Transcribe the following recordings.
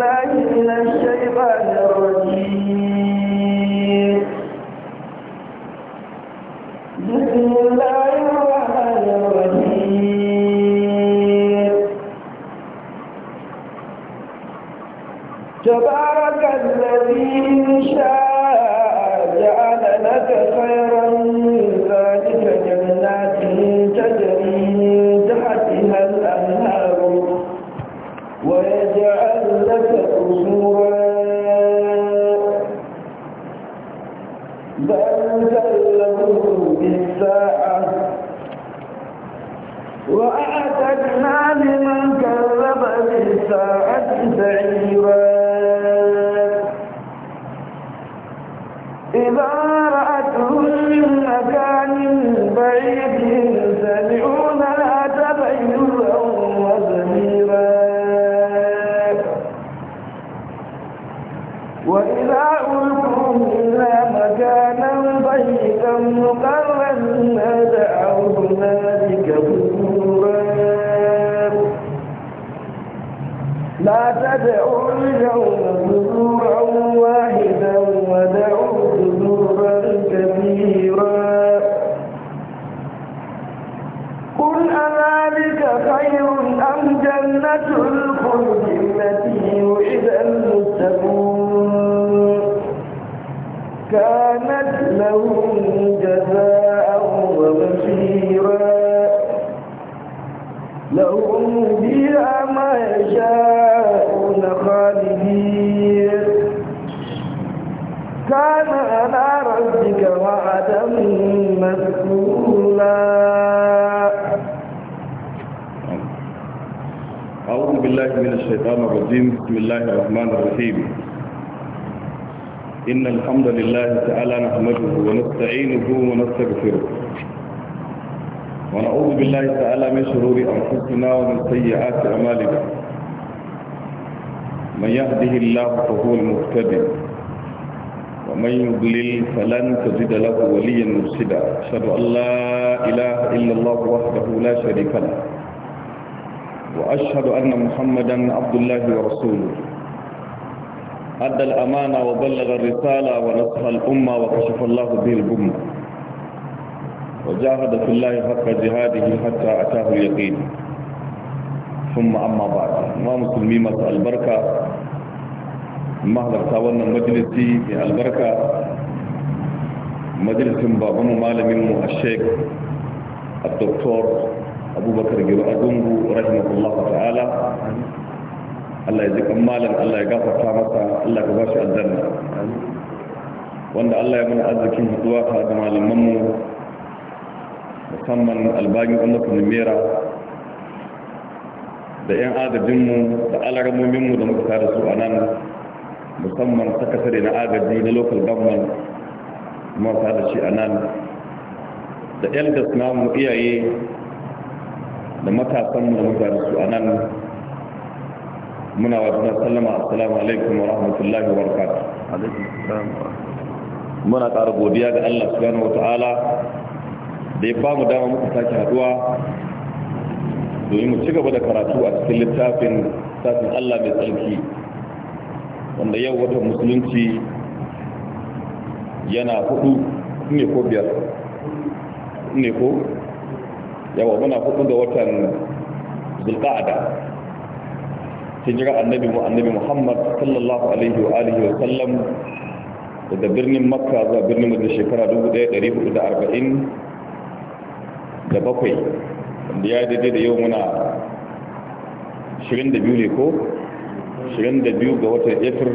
من الشيطان الرجيم بسم الله الرحمن الرحيم تبارك الذي شاء جعل لك خير فيها ما يشاءون خالدين كان على ربك أعوذ بالله من الشيطان الرجيم بسم الله الرحمن الرحيم إن الحمد لله تعالى نحمده ونستعينه ونستغفره ونعوذ بالله تعالى من شرور أنفسنا ومن سيئات أعمالنا من يهده الله فهو المهتدي ومن يضلل فلن تجد له وليا مرشدا أشهد أن لا إله إلا الله وحده لا شريك له وأشهد أن محمدا عبد الله ورسوله أدى الأمانة وبلغ الرسالة ونصح الأمة وكشف الله به الأمة وجاهد في الله حق جهاده حتى أتاه اليقين ثم أما بعد ما مسلمي مسأل البركة ما حضرت وانا مجلسي في البركة مجلس بابا مالم الشيخ الدكتور أبو بكر جيرو أدونغو رحمه الله تعالى الله يجزيك مالا الله يغفر تامسا الله يغفر الجنة وأن الله يمنع أزكي هدواتها دمال الممو musamman albani umarkunin mera da 'yan agajinmu da alaramominmu da muka tare su a nan musamman sakasare na agaji na local government mata da shi a nan da elders namu iyaye da matasanmu da muka tare su a nan muna wa juna sallama assalamu alaikum wa rahmatullahi wa barakatuh muna ƙara godiya ga Allah subhanahu wa ta'ala da ya ba mu dama muka sake haduwa domin mu ci gaba da karatu a cikin littafin safin Allah mai tsarki wanda yau watan musulunci yana hudu ne ko biyar ne ko yawa muna hudu da watan sun jira annabi mu annabi Muhammad sallallahu alaihi wa alihi wa sallam daga birnin Makka zuwa birnin da shekara 1440 da bakwai wanda ya daidai da yau muna 22 ne ko 22 ga watan efir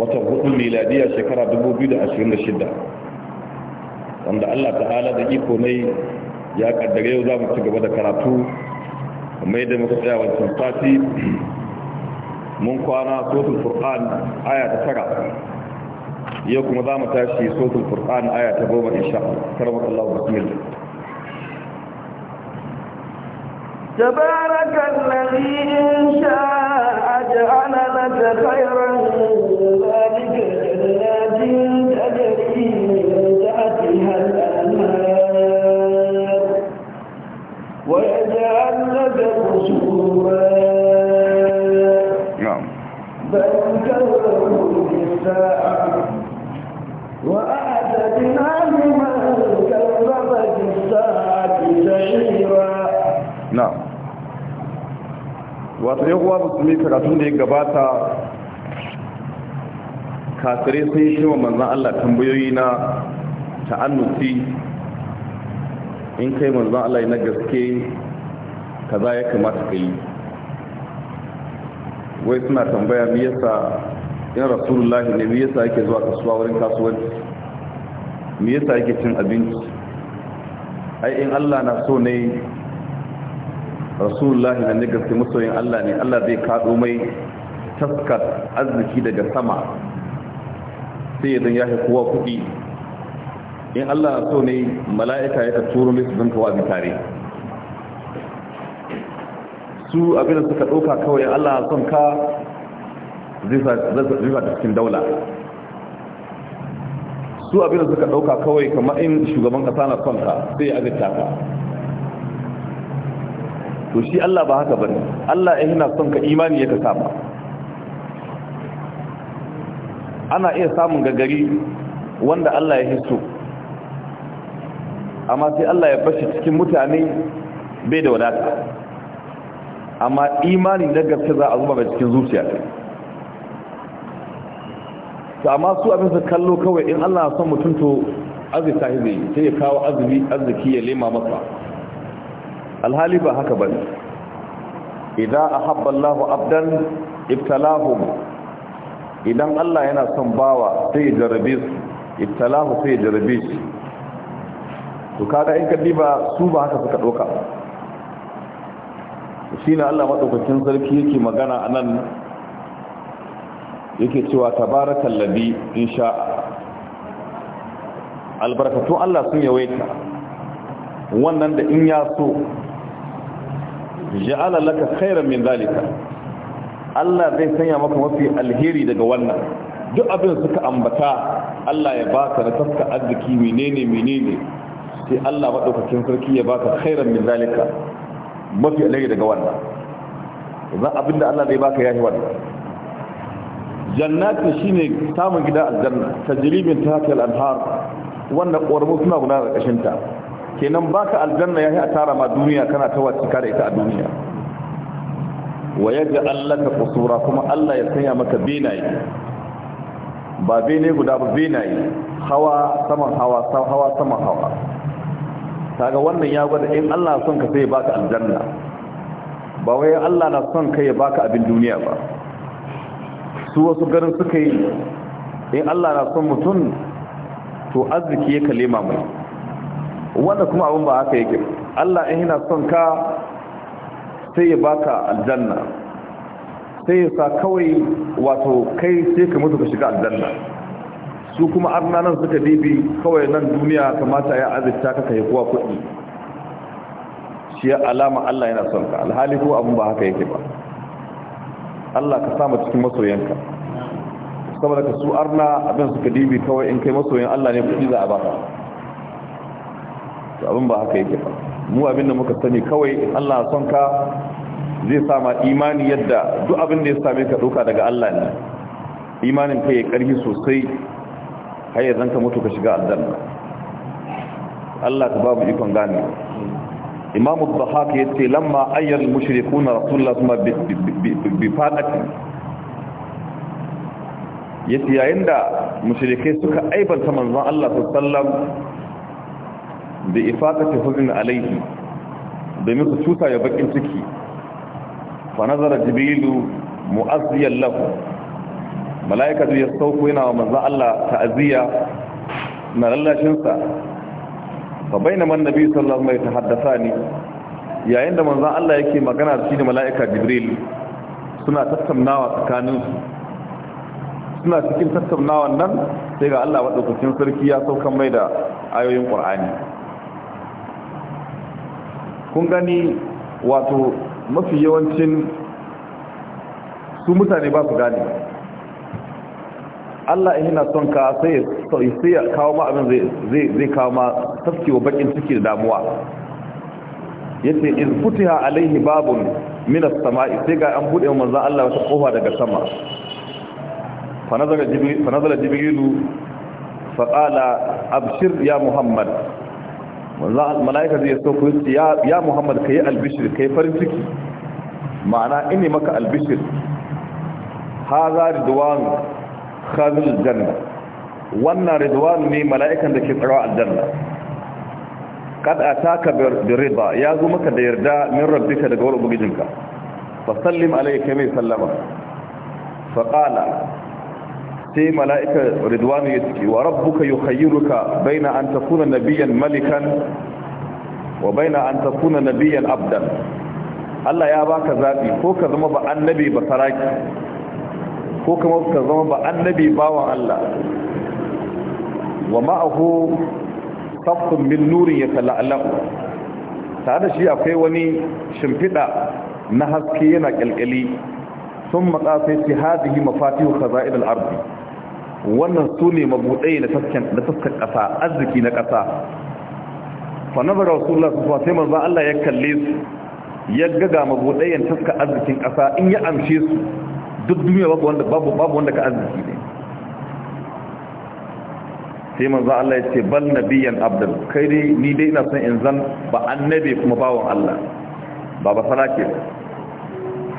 watan hudun miladiya shekara 2026 wanda allah ta'ala da iko ne ya kaddare yau za mu ci gaba da karatu kuma yadda muka tsaya wancan sati mun kwana sotul furqan aya ta tara yau kuma za mu tashi sotul furqan aya ta goma insha Allah karbar Allah bismillah تبارك الذي إن شاء أجعل لك خيرا ذلك جنات تجري من تحتها الأنهار ويجعل لك قصورا نعم بل كذبوا بالساعة وأعتدنا لمن كذب بالساعة سعيرا نعم wato yan uwa musulmi karatun da ya gabata kasare sun yi wa manzan Allah tambayoyi na ta'annuti in kai manzan Allah na gaske ka za ya kamata ka yi wai suna tambaya me yasa yan rasulullah ne me yasa yake zuwa kasuwa wurin kasuwanci me yasa yake cin abinci ai in Allah na so ne rasulullah na ne gaske masoyin Allah ne Allah zai kaɗo mai taskar arziki daga sama sai idan ya haifuwa kuɗi in Allah so ne mala'ika ya ka turo mai su zan kawo tare su abin da suka ɗauka kawai Allah son ka zai sa cikin daula su abin da suka ɗauka kawai kamar in shugaban ƙasa na son ka sai ya agata ka to shi Allah ba haka bane Allah ya yana son ka imani ya ka samu ana iya samun gagari wanda Allah ya hisso amma sai Allah ya bashi cikin mutane bai da wadata amma imani na gaske za a zuba mai cikin zuciya ta amma su abin su kallo kawai in Allah son mutunto azzi sahibi sai ya kawo arziki ya lema masa alhali ba haka ba idan ahabba Allah abdan ibtalahum idan Allah yana son bawa sai jarabe su ibtalahu sai jarabi shi to kaga in kaddi ba su ba haka suka doka shi ne Allah madaukakin sarki yake magana anan yake cewa tabarakal ladhi insha albarakatu Allah sun yawaita wannan da in ya so ja'ala laka khairan min zalika Allah zai sanya maka mafi alheri daga wannan duk abin suka ambata Allah ya baka na tafka arziki menene menene sai Allah madaukakin sarki ya baka khairan min zalika mafi alheri daga wannan idan abin da Allah zai baka yayi wannan jannati shine samun gida aljanna tajribin tahta al-anhar wannan ƙormu suna gudanar da ƙashinta kenan baka aljanna yayi a tara ma duniya kana ta wace kare da ita a duniya wa allaka qusura kuma Allah ya sanya maka benaye ba bene guda ba benaye hawa saman hawa sama hawa saman hawa kaga wannan ya gwada in Allah son ka sai baka aljanna ba wai Allah na son ka ya baka abin duniya ba su wasu garin suka yi in Allah na son mutum to arziki ya kalema mai wanda kuma abin ba haka yake Allah in yana son ka sai ya baka aljanna sai ya sa kawai wato kai sai ka mutu ka shiga aljanna su kuma arna nan suka dibi kawai nan duniya kamata ya azurta ka kai kuwa kuɗi shi ya alama Allah yana son ka alhali ko abin ba haka yake ba Allah ka samu cikin masoyanka saboda ka su arna abin suka dibi kawai in kai masoyan Allah ne kuɗi za a baka to abin ba haka yake ba mu abin da muka sani kawai Allah son ka zai ma imani yadda duk abin da ya same ka doka daga Allah ne imanin ka ya karfi sosai har ya zanka mutu ka shiga aljanna Allah ta babu ikon gane Imam Az-Zahabi yace lamma ayyal mushrikuuna Rasulullah kuma bi fadati yace yayin da mushrike suka aibanta manzon Allah sallallahu alaihi wasallam da ta huzn alaihi domin su cuta ya bakin ciki fa nazara jibilu mu'azziyan lahu malaika ya sauko yana wa manzo Allah ta'ziya na lallashin sa fa man nabi sallallahu alaihi wasallam yatahaddathani yayin da manzo Allah yake magana da shi da malaika jibril suna tattaunawa tsakanin suna cikin tattaunawan nan sai ga Allah wadda sarki ya saukan mai da ayoyin Qur'ani kun gani wato mafi yawancin su mutane ba su gane Allah in yana son ka sai ya kawo ma abin zai kawo ma wa bakin ciki da damuwa yace in futiha alaihi babun min samai sai ga an bude manzo Allah wata kofa daga sama fa nazara jibril fa nazara jibril fa abshir ya muhammad mala'ika zai so ku ya muhammad ka yi albishir ka yi farin ciki ma'ana ini maka albishir ha za ridwan khazil janna wannan ridwan ne mala'ikan da ke tsarawa aljanna kad ataka bi riba ya zo maka da yarda min ka daga wurin ubangijinka fa sallim alayka mai sallama fa kala. sai mala'ika ridwanu ya ce wa rabbuka yukhayyiruka baina an takuna nabiyyan malikan wa baina an takuna nabiyyan abdan Allah ya baka zabi ko ka zama ba annabi ba saraki ko kama ka zama ba annabi bawan Allah wa ma'ahu safun min nurin ya yatala'lam tare da shi akwai wani shimfiɗa na haske yana kyalkyali sun maƙa sai ce hadihi mafatihu khaza'il al-ardi wannan su ne mabuɗai na tafkan ƙasa arziki na ƙasa fannabar rasulullah su fa sai manzan Allah ya kalle su ya gaga mabuɗayen tafka arzikin ƙasa in ya amshe su duk duniya babu wanda babu babu wanda ka arziki ne sai manzan Allah ya ce bal nabiyan abdul kai dai ni dai ina son in zan ba annabi kuma bawon Allah ba ba sarake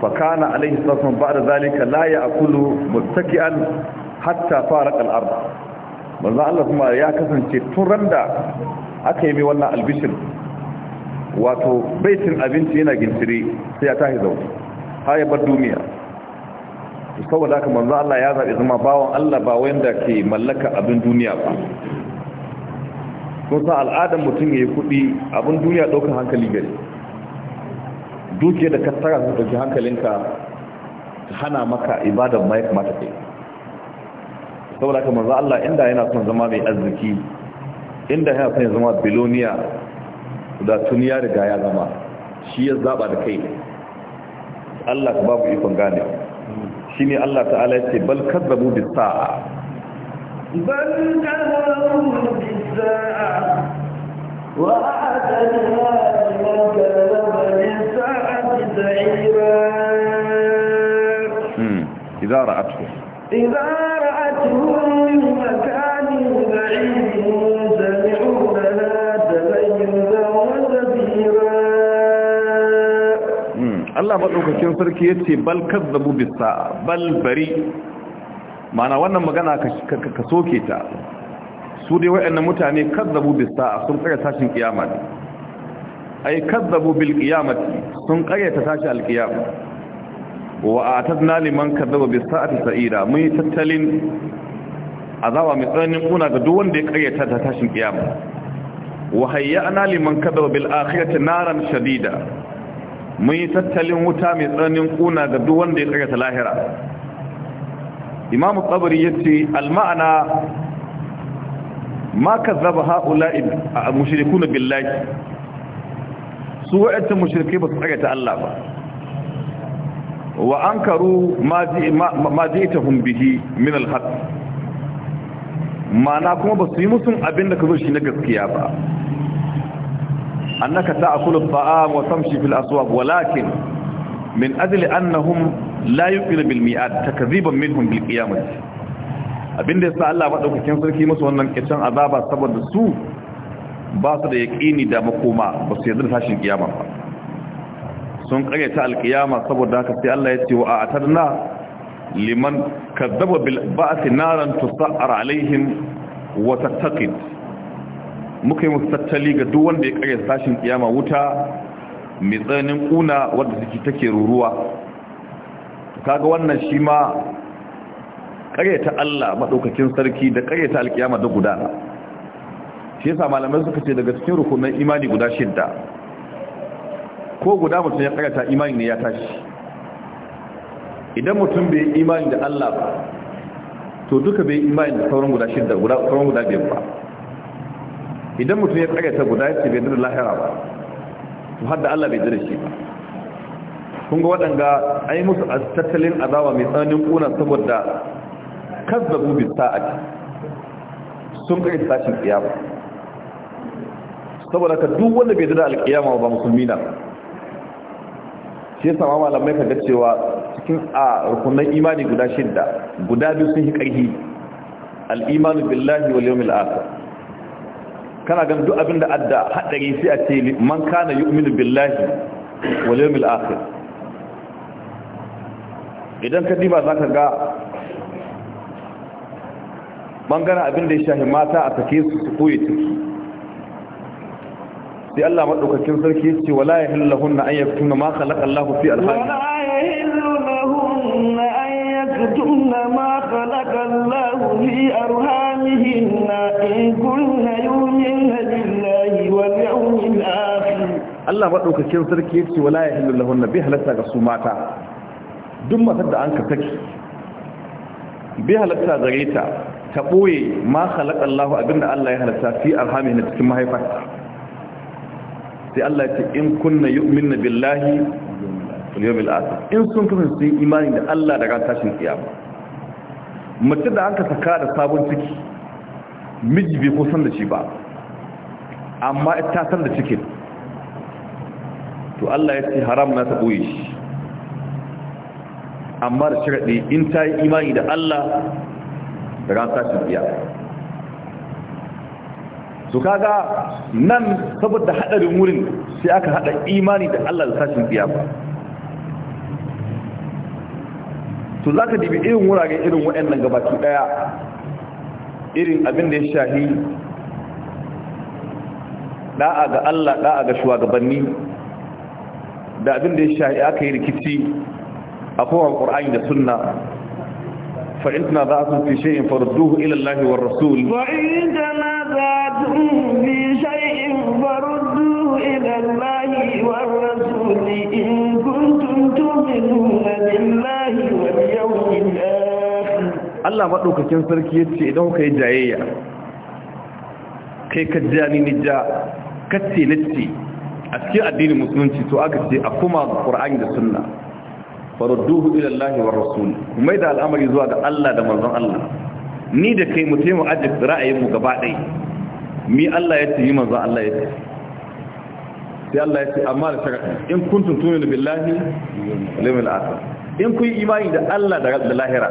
fa kana alaihi sallallahu alaihi wasallam ba'da zalika la ya'kulu muttaki'an hatta fara al-ard manzo Allah kuma ya kasance tun randa aka yi mai wannan albishin, wato baitin abinci yana gintire sai ya tahi zaune har ya bar duniya saboda haka manzo Allah ya zabi zama bawon Allah ba wanda ke mallaka abin duniya ba kun sa al'adar mutum ya yi kuɗi abin duniya ɗaukar hankali gari duke da kattara su ɗauki hankalinka ta hana maka ibadar mai kamata kai saboda haka manzo Allah inda yana son zama mai arziki inda yana son zama biloniya da tuniya riga ya zama shi ya zaba da kai Allah ka babu ikon gane shi ne Allah ta'ala ya ce bal kazzabu bis sa'a bal kazzabu bis sa'a wa atana liman kazzaba bis sa'ati sa'ira hmm. idza ra'atuhu idza Hmm. Allah maɗaukakin sarki ya ce bal kazzabu bisa bal bari mana wannan magana ka soke ta su dai waɗannan mutane kazzabu bisa sun tsaya tashin kiyama ne ai kazzabu bil qiyamati sun ta tashi alqiyama wa atadna liman kazzaba bis sa'ati sa'ira mun tattalin azaba mai tsananin kuna ga duk wanda ya karyata ta tashin kiyama wa hayyana liman kadaba bil akhirati naran shadida mun yi tattalin wuta mai tsananin kuna ga duk wanda ya karyata lahira imamu tsabari yace al ma'ana ma kazzaba haula'i mushrikuna billahi su wa'ancan mushrikai ba su karyata Allah ba wa Ankaru karu ma ji ita humbihi min alhaq mana kuma ba su yi musun abinda ka zo shi na gaskiya ba annaka ta'kulu at-ta'am wa tamshi fil aswaq walakin min ajli annahum la yuqil bil mi'ad takdhiban minhum bil qiyamah abinda yasa Allah daukakin sarki musu wannan kicin azaba saboda su ba su da yaqini da makoma ba su da tashin kiyama ba sun karyata ta qiyama saboda haka sai Allah ya ce wa a'tadna liman kazzaba bil ba'si naran tusa'ar alaihim wa tattaqid muka yi musu tattali ga duk wanda ya kare sashin kiyama wuta mai tsananin kuna wanda suke take ruruwa kaga wannan shi ma ta Allah madaukakin sarki da ta alkiyama da gudana shi yasa malamai suka ce daga cikin rukunan imani guda shidda ko guda mutum ya ta imani ne ya tashi idan mutum bai imani da Allah ba to duka bai imani da sauran guda shidda guda sauran guda biyar ba idan mutum ya tsare ta guda ce bai da lahira ba to har da Allah bai jira shi ba kun ga waɗanda ai musu tattalin azaba mai tsananin kuna saboda kazzabu bi sa'ati sun kai tashin kiyama saboda ka duk wanda bai da alkiyama ba musulmi na shi yasa ma malamai ka ga cewa cikin a rukunan imani guda shidda guda biyu sun yi ƙarfi al'imanu billahi wa liyomil aka kana gan duk abinda adda haɗari sai a ce man kana umini billahi wa liyomil aka idan ka diba ka ga bangaren abinda ya shahi mata a take su su koye ciki sai Allah maɗaukakin sarki ya ce wala yahillu lahunna an yaktuna ma khalaqa Allahu fi al يحل لهن أن يكتمن ما خلق الله في أرهامهن إن كن يؤمن بالله واليوم الآخر Allah maɗaukakin sarki yake wala ya hillu lahunna bi halatta ga su mata duk matar da an ka saki bi halatta ta ta boye ma khalaqa Allah abinda Allah ya halatta fi arhamihin cikin mahaifarta sai Allah ce in kunna yu'minna billahi yawmil in sun kasance sun imani da Allah da ran tashin kiyama mace da an ka saka da sabon ciki miji bai kusan da shi ba amma ita san da cikin to Allah ya ce haram na ta boye shi amma da shirade in ta yi imani da Allah da ran tashin kiyama to kaga nan saboda haɗarin wurin sai aka haɗa imani da Allah da sashin ba. to za ka dibi irin wuraren irin waɗannan gabaki ɗaya irin abin da ya shahi da'a ga Allah da'a ga shugabanni da abin da ya shahi aka yi rikici a kowar ƙur'ani da sunna fa'intana za a sun fi shayin faruduhu ilallahi wa rasul fa'intana تنازعتم في شيء maɗaukakin sarki ya ce idan kai jayayya kai ka ja ni ni ja kacce lacce a cikin addinin musulunci to aka ce a kuma ƙur'ani da sunna farudduhu ila Allah wa rasul mai da al'amari zuwa ga Allah da manzon Allah ni da kai mu taimu aje gaba ɗaya mi Allah ya ce yi manzo Allah ya ce sai Allah ya ce amma da sharaɗi in kuntum tu'minu billahi wal yawmil akhir in kun yi imani da Allah da lahira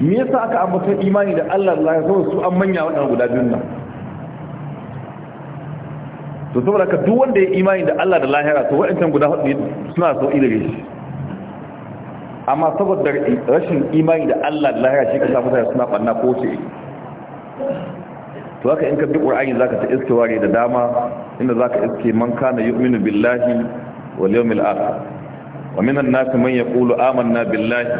me yasa aka ambata imani da Allah da lahira saboda su an manya waɗannan guda biyun nan to saboda ka duk wanda ya imani da Allah da lahira to waɗancan guda hudu suna so ida gare shi amma saboda rashin imani da Allah da lahira shi ka samu suna ɓanna ko ce to haka in ka bi qur'ani zaka ta iske ware da dama inda zaka iske man kana yu'minu billahi wal yawmil akhir wa minan nas man yaqulu amanna billahi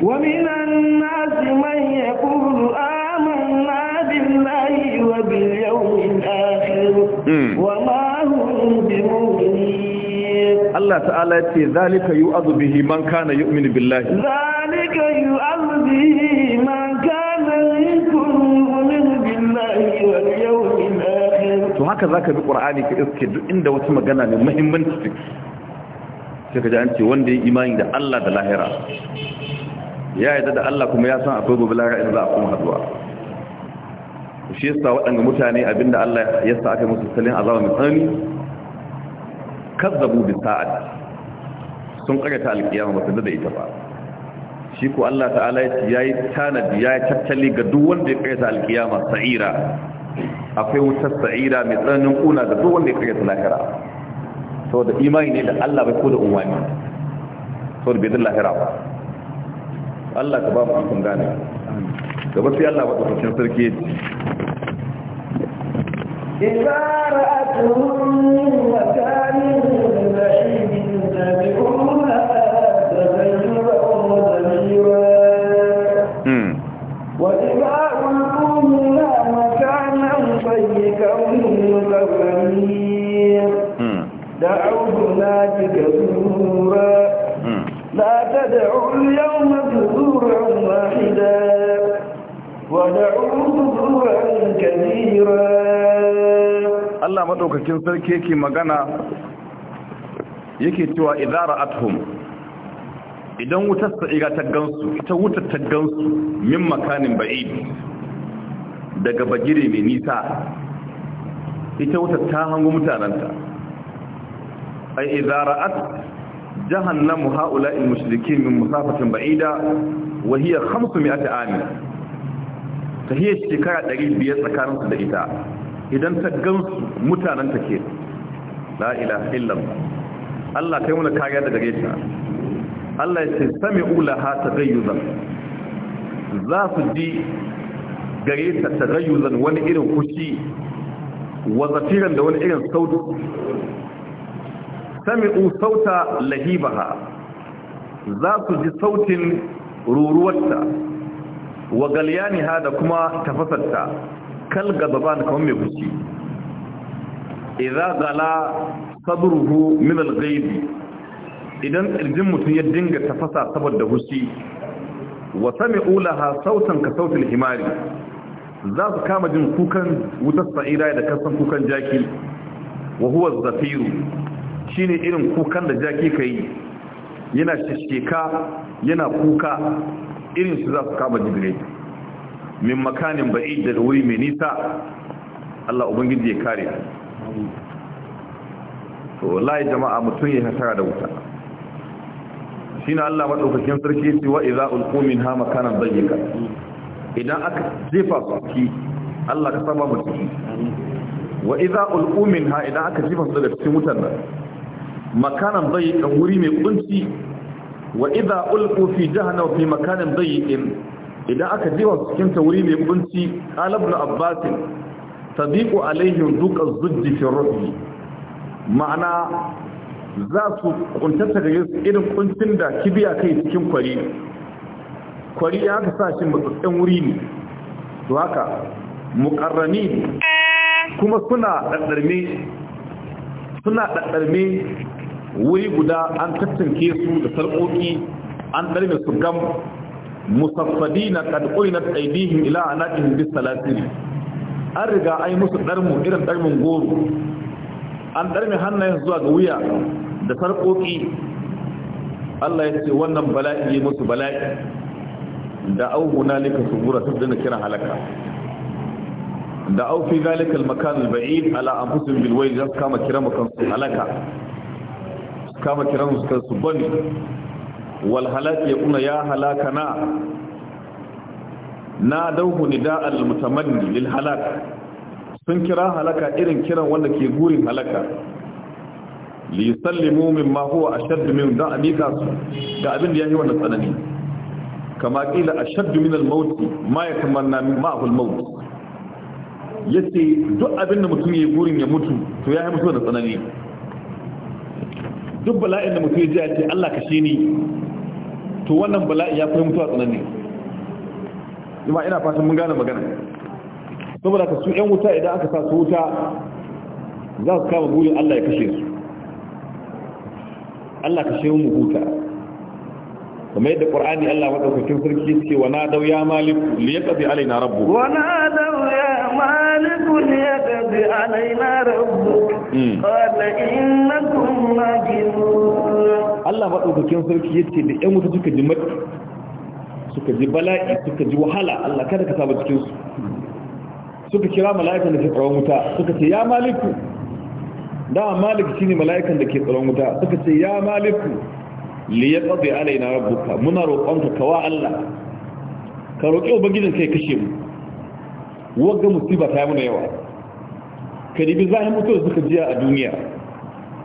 wa minan nas man yaqulu amanna billahi wa bil yawmil akhir hmm. wa ma hum bimu'minin Allah ta'ala yace zalika yu'adhu bihi man kana yu'minu billahi zalika yu'adhu bihi man haka za ka bi ƙwar'ani ka iske duk inda wata magana ne mahimmanci ciki sai ka ji an ce wanda ya imani da Allah da lahira ya yadda da Allah kuma ya san akwai gobe lahira inda za a kuma haduwa shi yasa waɗanda mutane abinda Allah ya sa aka musu salin azaba mai tsanani kazzabu bi sa'ad sun karyata alkiyama ba su da ita ba shi ko Allah ta'ala ya yi tanadi ya yi tattali ga duk wanda ya karyata alkiyama sa'ira akwai wutar sa'ira mai tsananin kuna da duk wanda ya kare ta lahira saboda imani ne da Allah bai ko da umarni saboda bai da lahira ba Allah ka ba mu ikon gane gaba sai Allah ba tsofafin sarki ya ce إذا رأتهم مكان da فنير na ناتك zura لا تدعوا اليوم زورا واحدا ودعوا زورا كثيرا Allah madaukakin sarki yake magana yake cewa idara athum idan wutar sa'iga ta gansu ita wutar ta gansu min makanin ba'id daga bagire mai nisa ita wata ta hango mutananta ai idara'at jahannamu ha'ula'il mushrikin min musafatin ba'ida wa hiya 500 amin ta hiya shekara 500 tsakaninsu da ita idan ta gansu mutananta ke la ilaha illallah Allah kai mana kariya daga gare ta Allah ya ce sami'u laha tagayyuzan za su ji gare ta tagayyuzan wani irin kushi wa zafiran da wani irin sautu sami'u sauta lahibaha za su ji sautin ruruwarta wa galyaniha da kuma tafasarta kal gazaban kamar mai fushi idza gala sadruhu min al-ghayb idan irjin mutum ya dinga tafasa saboda fushi wa sami'u laha sautan ka himari za su kama jin kukan wutar sa'ira da kasan kukan jaki wa huwa zafiru shine irin kukan da jaki kai yana shisheka yana kuka irin su za su kama jibirai min makanin ba'i da wuri mai nisa Allah ubangiji ya kare to wallahi jama'a mutum ya hasara da wuta shine Allah madaukakin sarki ya ce wa idza ulqu minha makanan dayyika idan aka jefa su ki Allah ka saba mu ciki wa idza ulqu minha idan aka jefa su daga cikin wutar nan makanan dayyiqan wuri mai kunci wa idza ulqu fi jahannam fi makanin dayyiqin idan aka jefa su cikin ta wuri mai kunci qalabul abbas tadiqu alaihim duqa zujji fi ruhi ma'ana za su kuntata gare su irin kuncin da kibiya kai cikin kwari kwari ya ka sa shi matsatsen wuri ne to haka mukarrami kuma suna ɗaɗɗarme suna wuri guda an tattanke su da sarƙoƙi an ɗarme su gam musaffadi na ƙadƙuri na ɗaiɗihin ila a naƙin bis talatiri an riga an yi musu ɗarmu irin ɗarmin goro an ɗarme hannayen zuwa ga wuya da sarƙoƙi Allah ya ce wannan bala'i ya musu bala'i da au hunalika subura su dana kiran halaka da au fi zalika al-makan al-ba'id ala anfusihim bil wayl zaka kama kiran makan su halaka kama kiran su kan su bani wal halak kuna ya halakana na Na dauhu nida al-mutamanni lil halak sun kira halaka irin kiran wanda ke gurin halaka li yusallimu mimma huwa ashadd min da'amika da abin da yayi wannan tsanani kama ƙila a min al-maut ma ya yatamanna ma'ahu al Ya ce duk abinda mutum ya yi burin ya mutu to ya yi mutu da tsanani duk bala'in da mutum ya ji a ce Allah kashe ni to wannan bala'in ya fi mutuwa tsanani kuma ina fatan mun gane magana saboda ka su yan wuta idan aka sa su wuta za su kama burin Allah ya kashe su Allah kashe mu huta kuma yadda qur'ani Allah madaukakin sarki yake wa nadau ya malik liyaqdi alaina rabbu wa nadau ya malik liyaqdi alaina rabbu hmm. qala innakum majnun Allah madaukakin sarki yake da ɗan wuta duka ji suka ji bala'i suka ji wahala Allah kada ka saba cikin su suka kira mala'ikan da ke tsaron wuta suka ce ya maliku dama malik shine mala'ikan da ke tsaron wuta suka ce ya maliku li yaqdi alaina rabbuka muna roƙonka kawa Allah ka roƙi ubangijin kai kashe mu wagga musiba ta muna yawa ka ribi zahin mutuwa suka jiya a duniya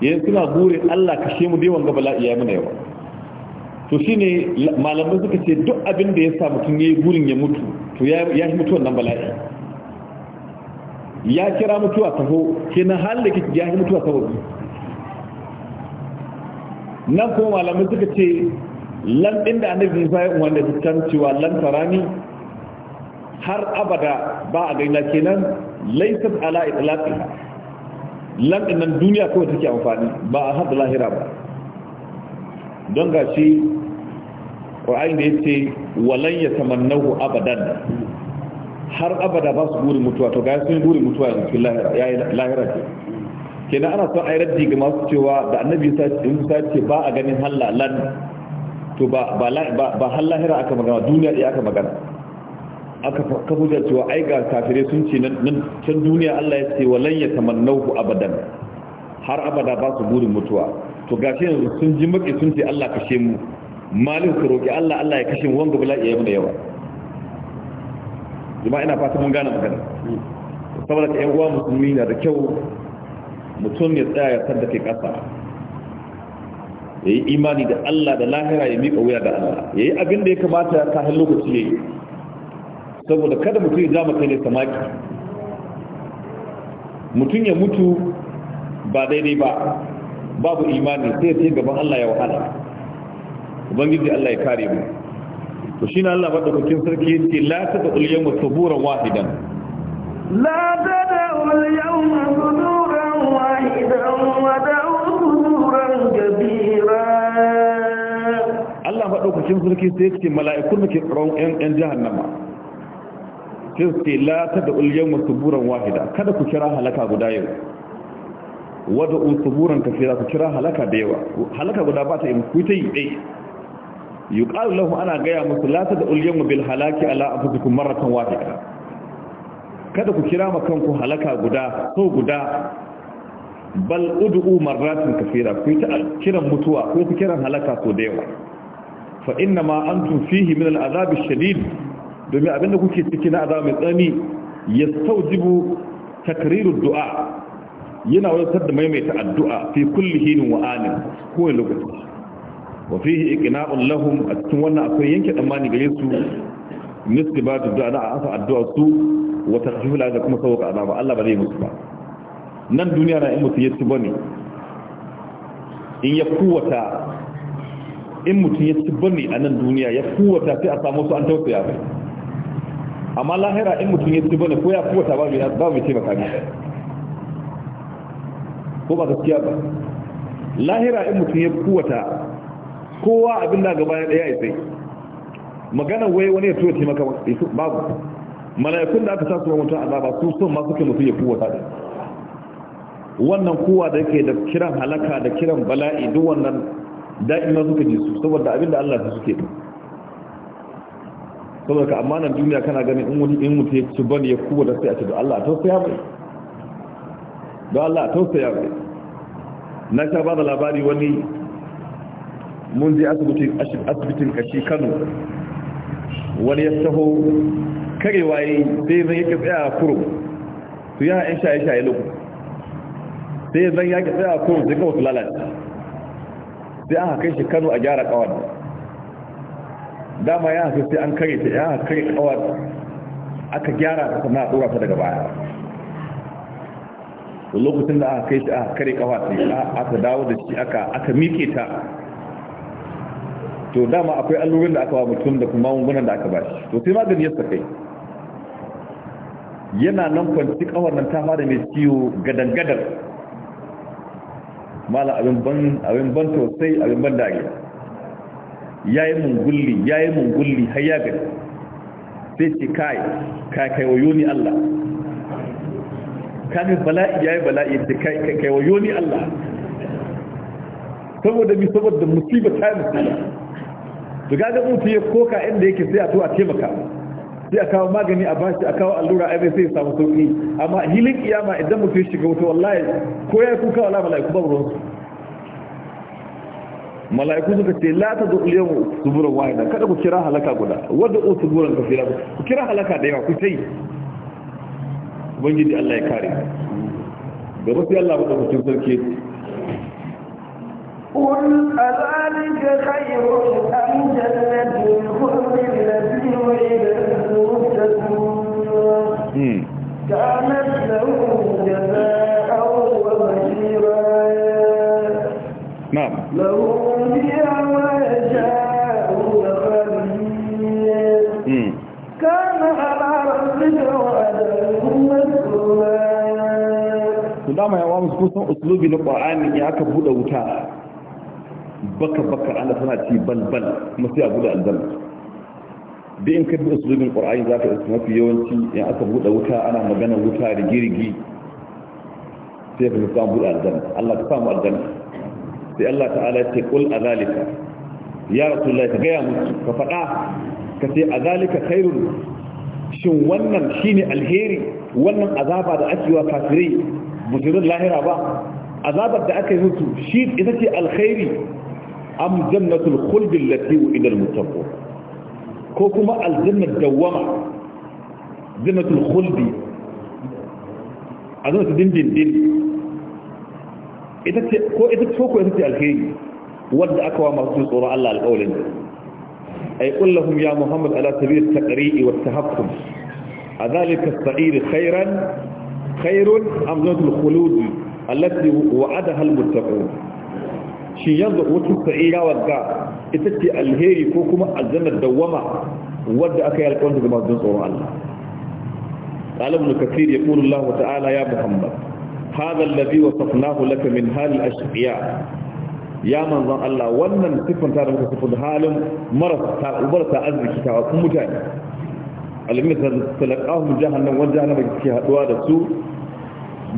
yayin suna burin Allah kashe mu dai wanga bala'i ya muna yawa to shine malamai suka ce duk abin da ya sa mutum yayi burin ya mutu to ya yi mutuwan nan bala'i ya kira mutuwa taho kenan halin da kike ya yi mutuwa saboda nan kuma malamai suka ce lan din da annabi Musa ya umarni da kan cewa lan tarani har abada ba a gaina kenan laysat ala itlaqiha lan din nan duniya kawai take amfani ba a hada lahira ba don gashi Qur'ani da yace walan yatamannahu abadan har abada ba su burin mutuwa to ga sun burin mutuwa yanzu lahira ke kenan ana son a yi raddi ga masu cewa da annabi musa ce ba a ganin halalan to ba halahira aka magana duniya ɗaya aka magana aka kafuja cewa ai ga kafirai sun ce nan can duniya allah ya ce walan ya tamannahu abadan har abada ba su burin mutuwa to gashi yanzu sun ji maki sun ce allah kashe mu malin ku roƙi allah allah ya kashe mu wanga bala iya yi da yawa jama'a ina fata mun gane magana hmm. saboda ka yan uwa musulmi na da kyau mutum ya tsaya ya sadda kai ƙasa ya yi imani da Allah da lahira ya miƙa wuya da Allah ya yi abin da ya kamata ya kahin lokaci ya saboda kada mutum ya zama kai ne samaki mutum ya mutu ba daidai ba babu imani sai sai gaban Allah ya wahala ubangiji Allah ya kare mu to shi na Allah madaukakin sarki yace la ulyan yawma thuburan wahidan la tad'ul yawma thuburan واحدا ودعوا ثبورا كبيرا الله فأدوك شمس لكي سيكتي ملائكون لكي ta أن جهنم سيكتي لا تدعوا اليوم ثبورا واحدا كذا كشراها لك أبو دايو wada'u suburan kafira ku kira halaka da yawa halaka guda ba ta yi ku ta yi dai yuqalu lahu ana gaya musu la ta da'ul yawma bil halaki ala anfusikum maratan wahida kada ku kira ma kanku halaka guda so guda bal ud'u marratin kaseera ku ta kiran mutuwa ko ku kiran halaka ko da yawa fa inna ma antum fihi min al'azab ash-shadid domin abinda kuke ciki na azab mai tsani yastawjibu takriru du'a yana wadatar da maimaita addu'a fi kulli hinin wa anin kowane lokaci wa fihi iqna'un lahum a cikin wannan akwai yanke tsammani gare su nisbatu du'a na asa addu'a su wa tarjihula da kuma sauka azaba Allah ba zai musu ba nan duniya na in mutum ya ci bane in ya kuwata in mutum ya ci bane a nan duniya ya kuwata sai a samu su an ya bai amma lahira in mutum ya ci bane ko ya kuwata babu ya babu ce makami ko ba gaskiya ba lahira in mutum ya kuwata kowa abin da gaba daya ya sai magana wai wani ya tuwa ce maka babu malayakun da aka sa su a azaba su son ma suke mutum ya kuwata da wannan kowa da yake da kiran halaka da kiran bala'i duk wannan da'ima suka ji su saboda abinda Allah su suke saboda ka amma nan duniya kana ganin in wani in mutu ya ci ban ya kuwa da sai a ce da Allah a tausaya mai da Allah a tausaya mai na sha ba da labari wani mun je asibitin kashi Kano wani ya taho karewa yi sai zai yake tsaya a kurum su yana yan shaye-shaye lokuta sai zan ya ki tsaya kuma sai kawai lalace sai aka kai shi kano a gyara kawar dama ya haka sai an kare ta ya haka kare kawar aka gyara ta sannan a tsora ta daga baya lokacin da aka kai shi aka kare kawar sai aka dawo da shi aka miƙe ta to dama akwai allurin da aka wa mutum da kuma magungunan da aka ba shi to sai magani ya sakai yana nan kwanci kawar nan ta fara mai ciwo gadan. mala abin ban abin ban tausayi abin ban dage. yayi mun gulli yayi mun gulli har ya gani sai ce kai kai kai wayo ni Allah kai bala'i yayi bala'i da kai kai Kai, ni Allah saboda bi saboda musiba ta musiba to ga mutu ya koka inda yake sai a to a taimaka sai a kawo magani a bashi a kawo allura a sai ya samu sauki amma hilin kiyama idan mutum ya shiga wuta wallahi ko ya kuka wala mala'iku ba ruwansu mala'iku suka ce la ta zuɓi yau suburan na, kada ku kira halaka guda wadda o suburan kafira ku kira halaka da yawa ku sai ubangiji Allah ya kare da wasu Allah mutum sarki قل أذلك خير أم جنة الخلد التي وعد المتقون كانت لهم جزاء ومسيرا نعم لهم فيها ما يشاءون خالدين كان على ربك وعدا مسؤولا dama yawa musu kusan uslubi na ƙwa'ani ya aka buɗe wuta baka baka ana tana ci ban kuma sai a buɗe aljanna da in ka bi usulubin qur'ani zaka iska mafi yawanci in aka buɗe wuta ana magana wuta da girgi sai ka samu buɗe aljanna Allah ka samu aljanna sai Allah ta'ala ya ce qul azalika ya rasulullahi ka gaya musu ka faɗa ka ce azalika khairun shin wannan shine alheri wannan azaba da ake wa kafirai bujirin lahira ba azabar da aka yi mutu shi ita ce alkhairi am jannatul khuld allati idan al ko kuma aljannat dawama jannatul khuld azan dindindin ita ce ko ita ko ko ita ce alheri wanda aka wa masu tsoro Allah alƙawarin ay qul lahum ya muhammad ala sabil at-taqri'i wat-tahaqqum adhalika as-sa'ir khairan khairun am jannatul khuld allati wa'adaha al-muttaqun shi yanzu wata sa'ira wadda ita ce alheri ko kuma aljannar dawama wadda aka yi alƙawarin da masu tsoron Allah talib ibn kathir ya qulu Allah ta'ala ya muhammad hadha alladhi wasafnahu laka min a ashqiya ya manzon Allah wannan sifan ta da muka sifan halin marasa ubarta arziki ta kuma mutane alimin talaqahum jahannam wa da ke haɗuwa da su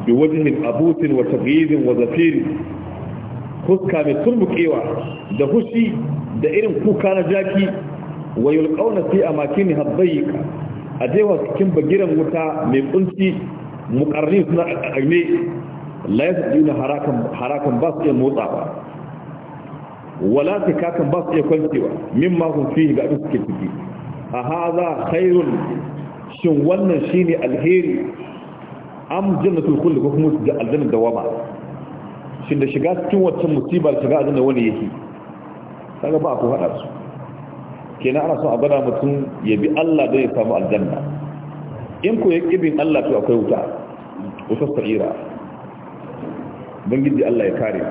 bi wajen abutin wa tabghidin wa zafirin fuska mai turbukewa da hushi da irin kuka na jaki wa yulqauna fi amakin haddayika a jewa cikin bagiran wuta mai kunci muqarrin suna aime la yasduna harakan harakan ba su iya motsa ba wala tikakan ba su iya kwancewa Min makon fihi ga suke ciki a hadha khairun shin wannan shine alheri am jannatul kulli ko kuma aljannatul dawama shi da shiga cikin wancan musibar shiga azin da wani yake kaga ba ku haɗa su kenan ana son a gwada mutum ya bi Allah don ya samu aljanna in ku ya Allah to akwai wuta wuta sa'ira bangiji Allah ya kare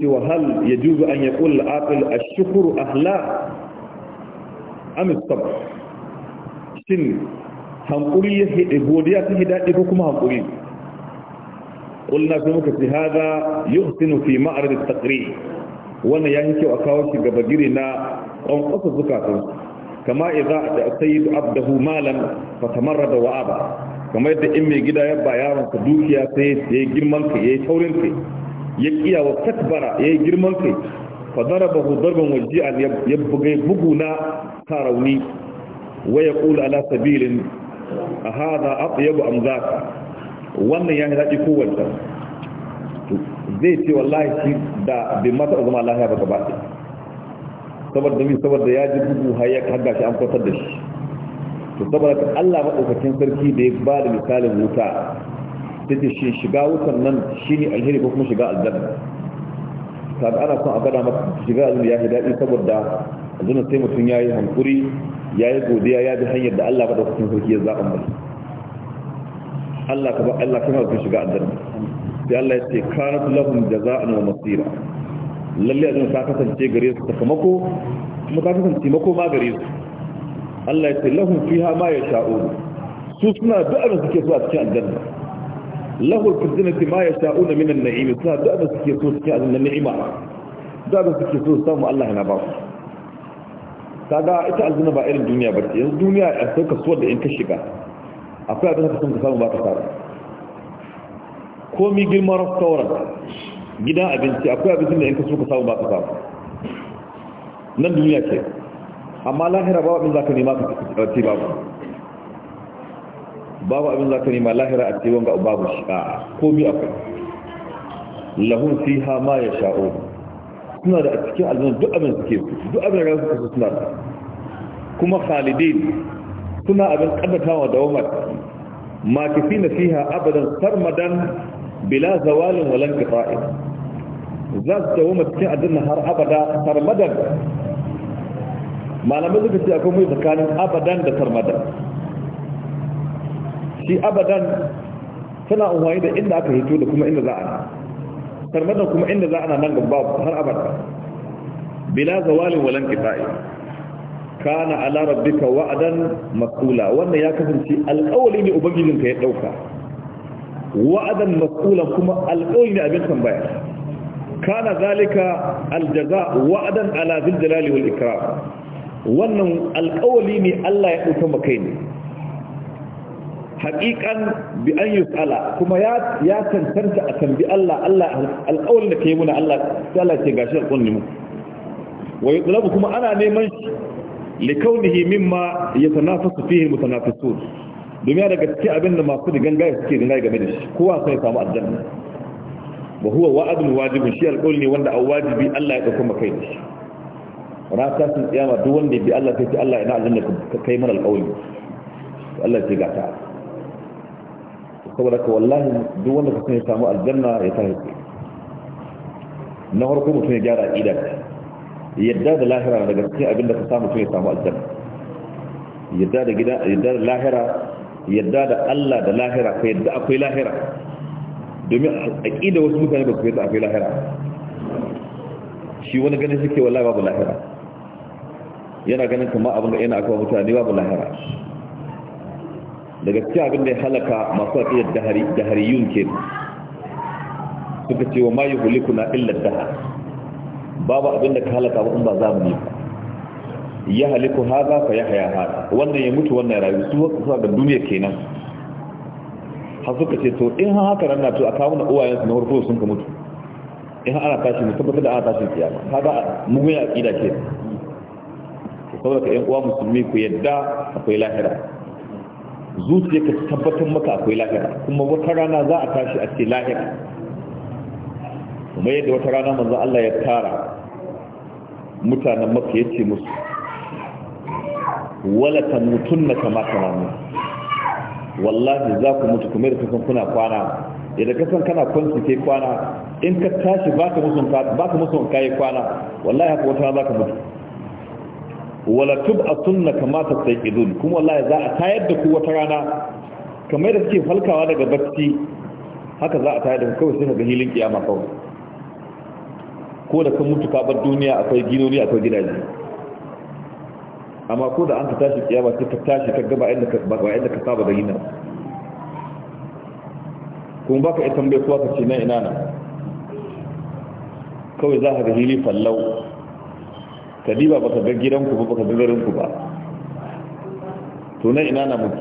ce wa hal yajuzu an yaqul aqil a shukuru ahla am shin hankuri ya godiya ta hidadi ko kuma hankuri قلنا في مكتب هذا يحسن في معرض التقريب wannan ya yi kyau a kawo shi gaba giri na ƙwanƙwasa zukatun kama idza da sayyid abdahu malan fa tamarrada wa aba kamar yadda in mai gida ya ba yaron ka dukiya sai ya girman ka ya taurin ka ya kiya takbara ya ya buga bugu na tarauni wa yaqulu ala a wannan ya yi kowanta zai ce wallahi shi da bin mata zama lahiya ba gaba saboda min saboda ya ji bugu har ya kaga shi an kwatar da shi to saboda Allah maɗaukakin sarki da ya ba da misalin wuta ta ce shi shiga wutan nan shi ne alheri ko kuma shiga aljanna kaga ana son a gada maka shiga aljanna ya yi daɗi saboda aljanna sai mutum ya yi hankuri ya yi godiya ya bi hanyar da Allah maɗaukakin sarki ya zaɓa mai Allah ka ba Allah ka ba shiga aljanna sai Allah ya ce kanat lahum jaza'an wa masira lalle azan ta kasance gare su sakamako kuma ta kasance mako ma gare su Allah ya ce lahum fiha ma yasha'u su suna da abin suke so a cikin aljanna lahu al-jannati ma yasha'una min an-na'im suna da abin suke so cikin aljanna ni'ima da abin suke so samu Allah yana ba su kaga ita aljanna ba irin duniya ba ce yanzu duniya a sauka kasuwar da in ka shiga akwai abin da ka sanka samun ba ta samu komi girma restaurant gida abinci akwai abincin da yanka suka samu ba ta samu nan duniya ce amma lahira babu abin za ka nema ka ce babu babu abin za ka nema lahira a ce wanga babu shi a komi akwai lahun ha ma ya sha'o suna da a cikin aljanna duk abin suke duk abin da suka suna kuma khalidin suna abin kaddatawa dawamar makifi na fiha abadan sarmadan bila zawalin walan kifa'in za su dawama cikin aljanna har abada sarmadan malamai suka ce akwai mai tsakanin abadan da sarmadan shi abadan suna unwaye da inda aka hito da kuma inda za a sarmadan kuma inda za a nan gaba har abada bila zawalin walan kifa'in kana ala rabbika wa'dan maqula wannan ya kasance alƙawari ne ubangijinka ya dauka wa'dan maqula kuma alƙawari ne abin tambaya kana zalika aljaza wa'dan ala zil jalali wal ikram wannan alƙawari ne Allah ya dauka maka ne haqiqan bi an yusala kuma ya ya tantance a tambi Allah Allah alƙawarin da kai muna Allah sai Allah ce gashi alƙawarin mu wa yutlabu kuma ana neman shi likaunihi mimma yatanafasu fihi mutanafisun domin ya daga cikin abin da masu da ganga suke ganga game da shi kowa sai samu aljanna wa huwa wa'adun wajibin shi alƙawli ne wanda a wajibi Allah ya ɗauka makai da shi rata sun tsiyama duk wanda bi Allah sai ce Allah ina aljanna ka kai mana alƙawli Allah ce ga ta saboda ka wallahi duk wanda ka sani samu aljanna ya tafi na farko mutum ya gyara idan. yadda da lahira daga cikin abinda da ka samu tun ya samu aljanna yadda da gida yadda da lahira yadda da Allah da lahira ka yadda akwai lahira domin aqida wasu mutane ba su yadda akwai lahira shi wani ganin suke wallahi babu lahira yana ganin kuma abin da yana akwai mutane babu lahira daga cikin abin da ya halaka masu aqidar dahariyun ke suka ce wa ma yuhlikuna illa dahar babu abin da ka halaka ba in ba za mu ne ya haliku haza fa ya haya haza wannan ya mutu wannan rayu su suka ga duniya kenan har suka ce to in haka nan na to a kawo na uwayen su na farko sun ka mutu in ana tashi mu tabbatar da ana tashi kiyama haka mu ya aqida ke saboda ka yan uwa musulmi ku yadda akwai lahira zuciya ka tabbatar maka akwai lahira kuma wata rana za a tashi a ce lahira kuma yadda wata rana manzo Allah ya tara mutanen maka yace musu wala kamata kama mutu, wallahi za ku mutu kuma da kasan kuna kwana yadda kasan kana kwanci ke kwana in ka tashi baka musu ka yi kwana wallahi haka wata za ka mutu wala tub'atunna kama tasayidun kuma wallahi za a tayar da ku wata rana kamar da suke falkawa daga bacci haka za a tayar da ku kawai sai ga hilin kiyama kawai ko da kan mutu kabar duniya akwai ginoni akwai gidaje amma ko da an ka tashi kiyama sai ka tashi ka gaba inda ka ba inda ka saba da nan kuma baka ita tambaye kuwa ka ce nan ina na kawai za ka ga hili fallau ka diba ka ga gidanku ba ka ga ku ba to nan ina na mutu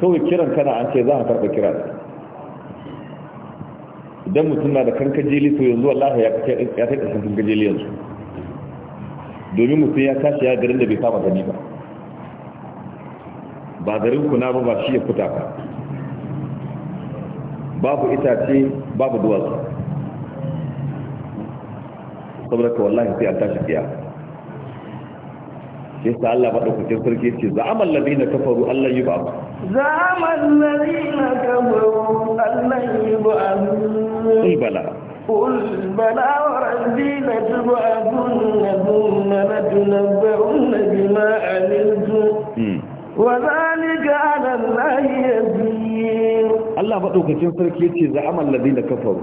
kawai kiran kana an ce za ka karɓa kiran idan mutum na da kankajeli to yanzu wallahi ya kai ƙarshen kankajeli yanzu domin mutum ya tashi ya garin da bai saba gani ba ba garin kuna ba ba shi ya fita ka. babu itace babu duwatsu saboda ka wallahi sai an tashi kiya Sai sa Allah madaukakin sarki ce za'amal ladina kafaru Allah yi ba za'amal na kafaru قل بلى قل بلى وربي لتبعثن ثم بما عملتم وذلك على الله يسير الله مدوكين sarki yace za'amal ladina kafaru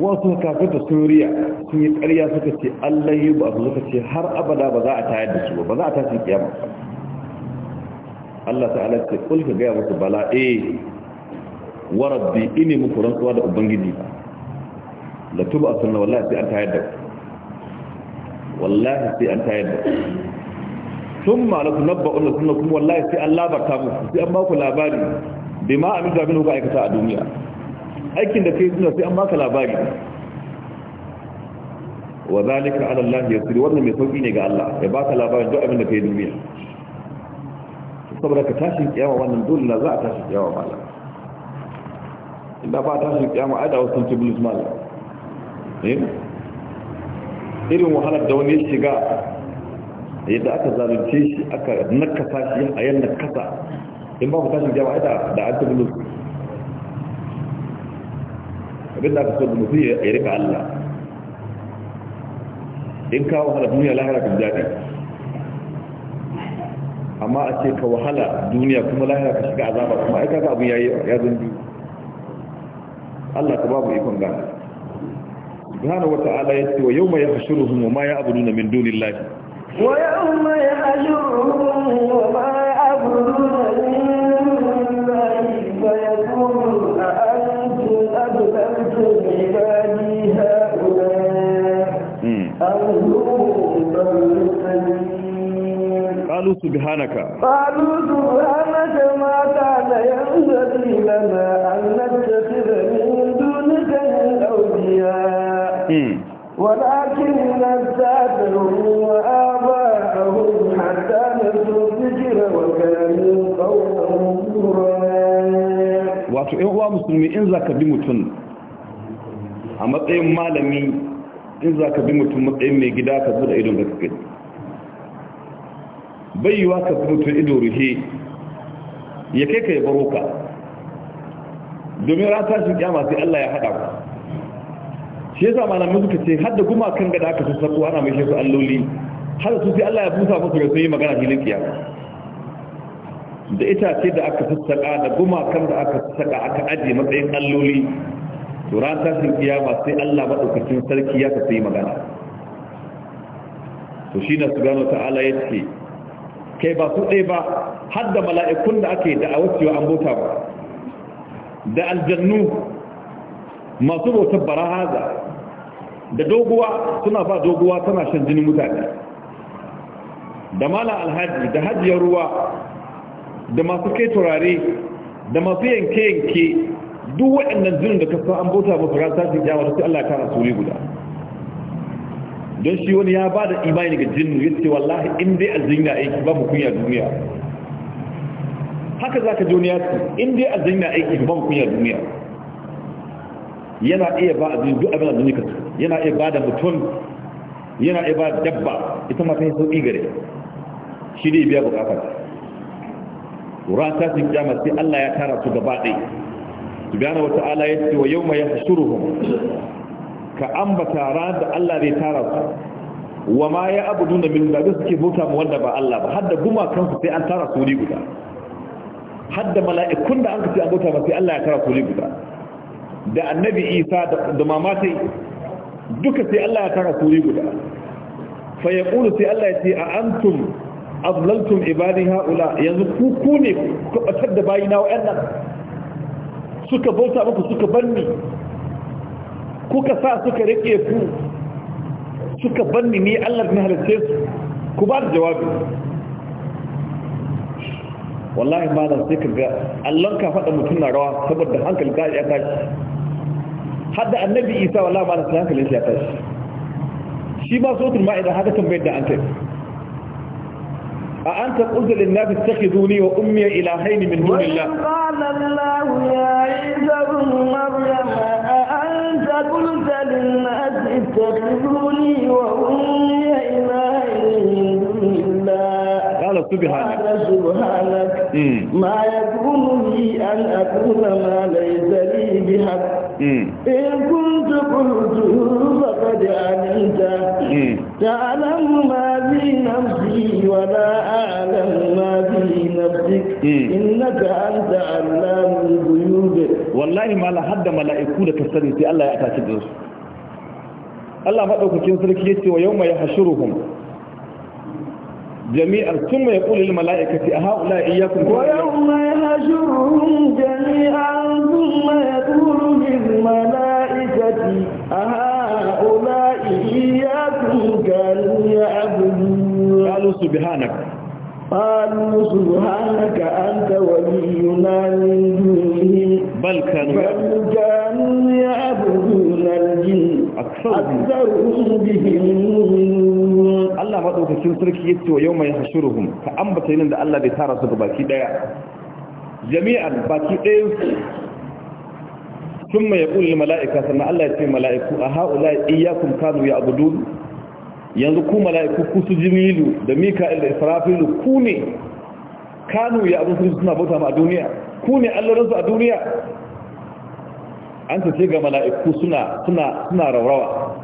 wasu kafin da suriya sun yi ƙarya suka ce allah yi ba su suka ce har abada ba za a tayar da su ba ba za a tashi kiyama allah ta'ala ce kulka gaya musu bala eh wa rabbi ini muku rantsuwa da ubangiji la tuba sunna wallahi sai an tayar da wallahi sai an tayar da thumma la tunabba'un sunna kuma wallahi sai an labarta mu. sai an baku labari ma bima da bin ku aikata a duniya aikin da kai suna sai an baka labari wa zalika ala Allah yasir wannan mai sauki ne ga Allah ya baka labarin duk abin da kai duniya saboda ka tashin kiyama wannan dole na za a tashin kiyama malam inda ba ta shi kiyama ai da wasu tibulus mala irin wahalar da wani ya shiga yadda aka zalunce shi aka nakasa shi a yan nakasa in ba ku tashi kiyama ai da an tibulus abinda aka so da mutum ya rika Allah in ka wahala duniya lahira kan daɗi amma a ce ka wahala duniya kuma lahira ka shiga azaba kuma aika ga abin ya yi ya zunbi Allah ka babu ikon gane subhanahu wata'ala yace wa yawma yahshuruhum wa ma ya'buduna min dunillahi wa yawma yahshuruhum wa ma ya'buduna min dunillahi fa yaqulu a antum adlaltum ibadi haula am hum قالوا سبحانك قالوا سبحانك ما كان ينبغي لنا أن نتخذ ولكن أتبعهم وآباءهم حتى نسوا الذكر وكانوا قوما wato ‘yan uwa musulmi in za ka bi mutum a matsayin malami in za ka bi mutum matsayin mai gida ka buɗe idon da suke bayyuwa ka bi mutum idon ruhe ya kai ka ya baro ka domin rata shi kyama sai Allah ya haɗa ku shi yasa malamai suka ce har da gumakan gada aka sassako ana mai shekaru alloli har su sai Allah ya busa musu da yi magana filin kiyama da itace da aka sassaka da gumakan da aka sassaka aka ajiye matsayin alloli to ran tashin kiyama sai Allah madaukakin sarki ya ka sai magana to shi na gano ta'ala ya ce kai ba su ɗaya ba har da mala'ikun da ake da'awar cewa an bauta ba da aljannu masu bautar barahaza da doguwa suna ba doguwa tana shan jinin mutane da mala alhaji da hajiyar ruwa da masu kai turare da masu yanke-yanke duk waɗannan jinin da kasa an bauta masu rasa shi jawa da su Allah ta rasuri guda don shi wani ya ba da imani ga jinnu ya ce wallahi in dai na aiki ba mu kunya duniya haka za ka ji wani ya ce in dai na aiki ba mu kunya duniya yana iya ba abin duk abin da nika yana iya ba da mutum yana iya ba dabba ita ma ta yi sauƙi gare shi ne biya bukatar ran tashin kiyama sai Allah ya tara su gaba ɗaya subhanahu wata'ala ya ce wa yawma yahshuruhum ka ambata ran da Allah zai tara su wa ma ya abuduna min da suke bauta mu wanda ba Allah ba hadda guma kansu sai an tara su ne guda hadda mala'ikun da an kace an bauta ma sai Allah ya tara su ne guda da annabi isa da mamatai duka sai Allah ya tara turi guda fa ya ƙulu sai Allah ya ce a antum azlaltum ibadi haula yanzu ku ku ne ku batar da bayina wa'annan suka bauta muku suka banni kuka sa suka rike ku suka banni ni Allah ne halarce su ku ba da jawabi wallahi malam sai ka ga allon ka faɗa mutum na rawa saboda hankali ta ya tashi hadda annabi isa wallahi malam sai hankalin shi ya tashi shi ba sotul ma'ida haka tambayar da an kai أأنت قلت للناس اتخذوني وأمي إلهين من دون الله قال الله يا عيسى ابن مريم أأنت قلت للناس اتخذوني وأمي سبحانك سبحانك ما يكون لي أن أقول ما ليس لي بحق إن كنت قلته فقد علمت تعلم ما في نفسي ولا أعلم ما في نفسك إنك أنت علام الغيوب والله ما لحد ملائكو لتستني الله يأتاك الدرس Allah maɗaukakin sarki ya ce wa yau mai hashiruhun جميعا ثم يقول للملائكة أهؤلاء إياكم ويوم يهجرهم جميعا ثم يقول للملائكة أهؤلاء إياكم كانوا يعبدون قالوا سبحانك قالوا سبحانك أنت ولينا من دونهم بل كانوا بل كانوا يعبدون الجن أكثرهم بهم مؤمنون maɗaukakin sarki ya ce wa yau mai hashuruhun ka ambata yinin da Allah bai tara su ga baki ɗaya jami'an baki ɗaya sun mai yaƙuli mala'ika sannan Allah ya ce mala'iku a ha'ula iyakun kanu ya abu dun yanzu ku mala'iku ku su jimilu da mika'il da israfilu ku ne kanu ya abu sun suna bauta a duniya ku ne allolinsu a duniya an ce ga mala'iku suna suna suna rawrawa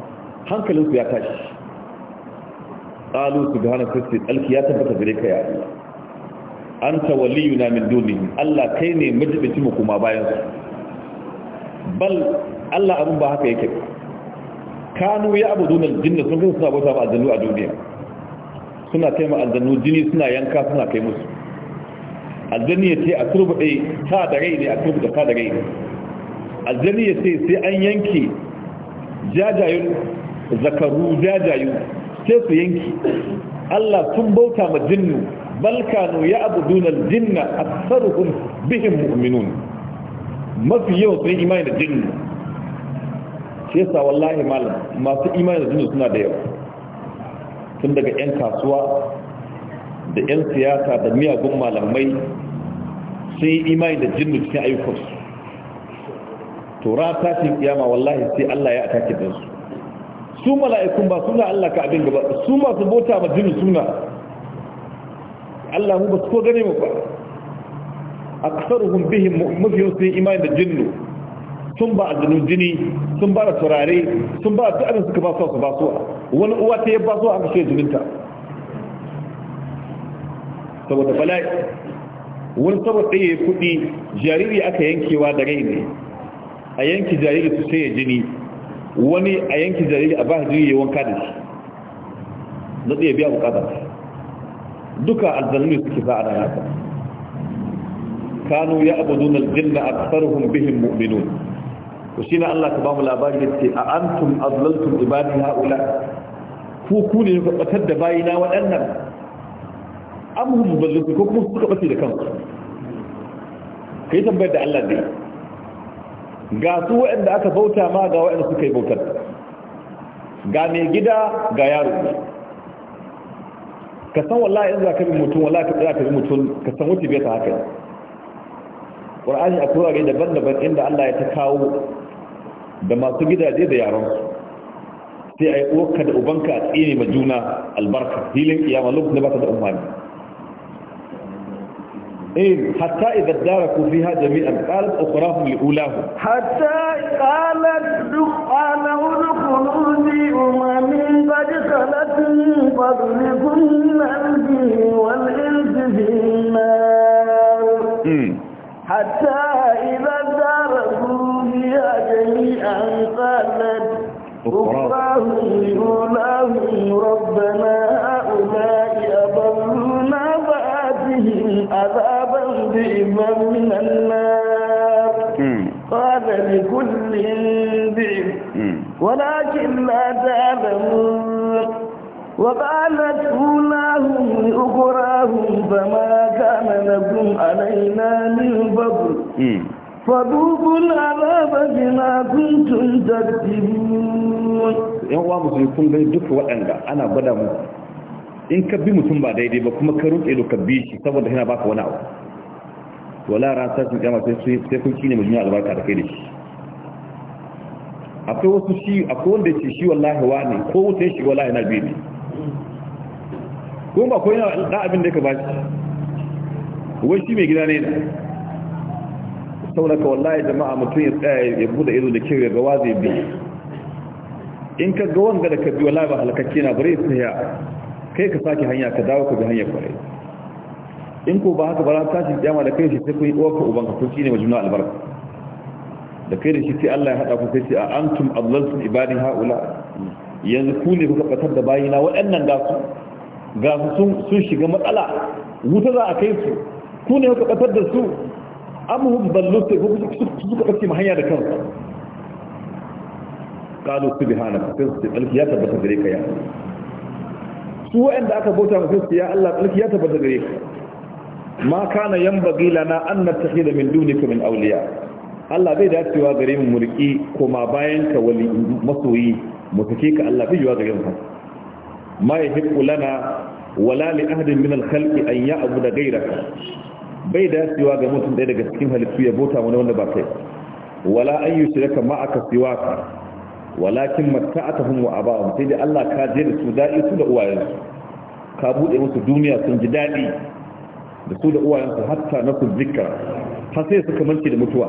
hankalinsu ya tashi qalu subhanaka alki ya tabbata gare ka ya Allah anta waliyuna min dunihi Allah kai ne majibici mu kuma bayan su bal Allah abun ba haka yake kanu ya abudun aljinna sun kai suna bauta ba aljannu a duniya suna kai ma aljannu jini suna yanka suna kai musu aljanni ya ce a turbuɗe ta da rai ne a turbuɗe ta da rai ne aljanni ya ce sai an yanke jajayen zakaru jajayu sai su yanki Allah sun bauta ma jinnu bal kanu ya'buduna al-jinna aktharuhum bihim mu'minun mafi yawan sun imani da jinnu shi yasa wallahi malam masu imani da jinnu suna da yawa tun daga yan kasuwa da yan siyasa da miyagun malamai sun yi imani da jinnu cikin ayyukansu to ra tashin kiyama wallahi sai Allah ya atake dinsu su mala'ikun ba suna Allah ka abin gaba su masu bota ma jini suna Allah mu ba su ko gane mu ba aksaruhum bihim mafiyun sun imani da jinnu sun ba a aljinu jini sun ba da turare sun ba da abin suka basuwa su basuwa wani uwa ta yi basuwa aka shi jininta saboda bala'i wani saboda tsaye kuɗi jariri aka yankewa da rai ne a yanki jariri su sai jini wani a yanki jariri a ba jariri ya wanka da shi na tsaye biya bukatar duka aljannu suke za a rana haka kanu ya abu nuna jinna a tsarhun bihin mu'minun to shi na allah ka ba mu labari da ce a antum azlaltum ibadi ha'ula Ko ku ne ku batar da bayina waɗannan an mu bazzanku ko kuma suka bace da kansu kai tambayar da allah dai ga su waɗanda aka bauta ma ga waɗanda suka yi bautar ga mai gida ga yaro ka san wallahi in za ka bi mutum wallahi ka za ka bi mutum ka san wuce bai ta haka ƙwar'ani a turare daban-daban inda Allah ya ta kawo da masu gidaje da yaron sai a yi uwarka da ubanka a tsini ma juna albarka filin kiyama lokacin da ba ta da umarni إيه حتى إذا اداركوا فيها جميعا قالت أخراهم لأولاهم حتى قالت دخانه دخلوا في أمم قد خلت من قبلكم من والإنس في النار حتى إذا اداركوا فيها جميعا قالت أخراهم لأولاهم ربنا ضعفا من النار قال لكل ضعف ولكن لا تعلمون وقالت أولاهم لأخراهم فما كان لكم علينا من فضل فذوقوا العذاب بما كنتم تكذبون yan uwa musulmi kun gani duk waɗanda ana gwada mu in ka bi mutum ba daidai ba kuma ka rutse da ka bi shi saboda yana baka wani abu wala ran sashin kama sai kun shine mutum albarka da kai da shi akwai wasu shi akwai wanda ce shi wallahi wa ne ko wuce shi wallahi na biyu ne ko ba ko yana da abin da ka ba shi wai shi mai gida ne da saboda ka wallahi jama'a mutum ya tsaya ya bude ido da kyau ga wazi bi in ka ga wanda da ka bi wallahi ba halakakke na bare sai ya kai ka saki hanya ka dawo ka bi hanya kwarai in ko ba haka ba ran tashin kiyama da kai shi sai kun yi uwarka ubanka kun shine majnun albarka da kai da shi sai Allah ya hada ku sai ce a antum adlaltum ibadi haula yanzu ku ne kuka batar da bayina waɗannan ga su ga su sun shiga matsala wuta za a kai su ku ne kuka batar da su amhum ballu sai ku suka bace mu hanya da kansu qalu subhanaka sai su tsalki ya tabbata gare ka ya su waɗanda aka bauta musu ya Allah tsalki ya tabbata gare ka ma kana yanbaghi lana an nattakhidha min dunika min awliya Allah bai dacewa gare mu murki koma bayan ka wali masoyi mu take ka Allah bai yiwa gare mu ma yahiqu lana wala li ahadin min al-khalqi an ya'budu ghayraka bai dacewa ga mutum ɗaya daga cikin halittu ya bota wani wanda ba kai wala an yushraka ma'aka ka. walakin matta'atuhum wa aba'ahum sai dai Allah ka je da su da'i su da uwayensu ka bude musu duniya sun ji daɗi da ku da uwayensu hatta na su zikira har sai suka mance da mutuwa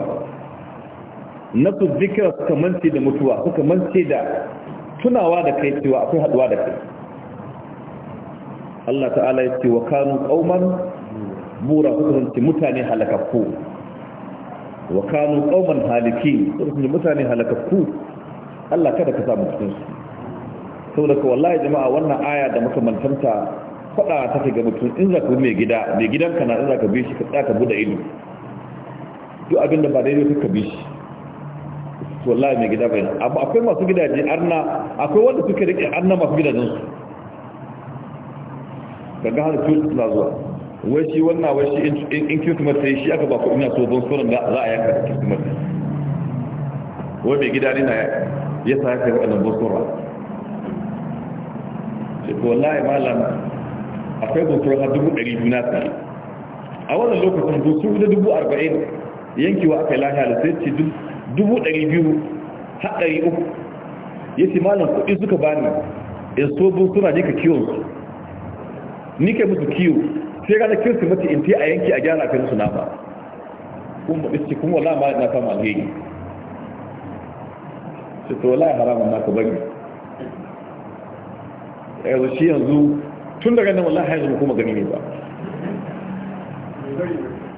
na su zikira suka mance da mutuwa suka mance da tunawa da kai cewa akwai haduwa da kai Allah ta'ala ya ce wa kanu qauman bura suka mance mutane halakakku wa kanu qauman haliki, suka mance mutane halakakku Allah kada ka samu cikin su saboda ko wallahi jama'a wannan aya da muka mantanta faɗa ta ga mutum in za ka bi mai gida mai ka na in za ka bi shi ka tsaya ka buɗe ido duk abin da ba daidai ka bi shi wallahi mai gida bai Amma akwai masu gidaje arna akwai wanda suke rike arna masu gidajensu daga hannun tun na zuwa wai shi wannan wai shi in kuma sai shi aka ba ku ina so don so da za a yanka da kirtimar wai mai gida na ya sa ya kai waɗannan bosora wallahi malam akwai gokuro har dubu ɗari biyu na tsaye a wannan lokacin gokuro da dubu arba'in yankewa aka yi lahiya da sai ce dubu ɗari biyu har ɗari uku ya ce malam kuɗi suka bani ya so bin suna ne ka kiwon su ni kai musu kiwo sai su mace in te a yanki a gyara kai musu nama kuma ce kuma wala ma na kama alheri sai to wala haramun naka bari yanzu shi yanzu tun daga nan wallahi yanzu kuma gani ne ba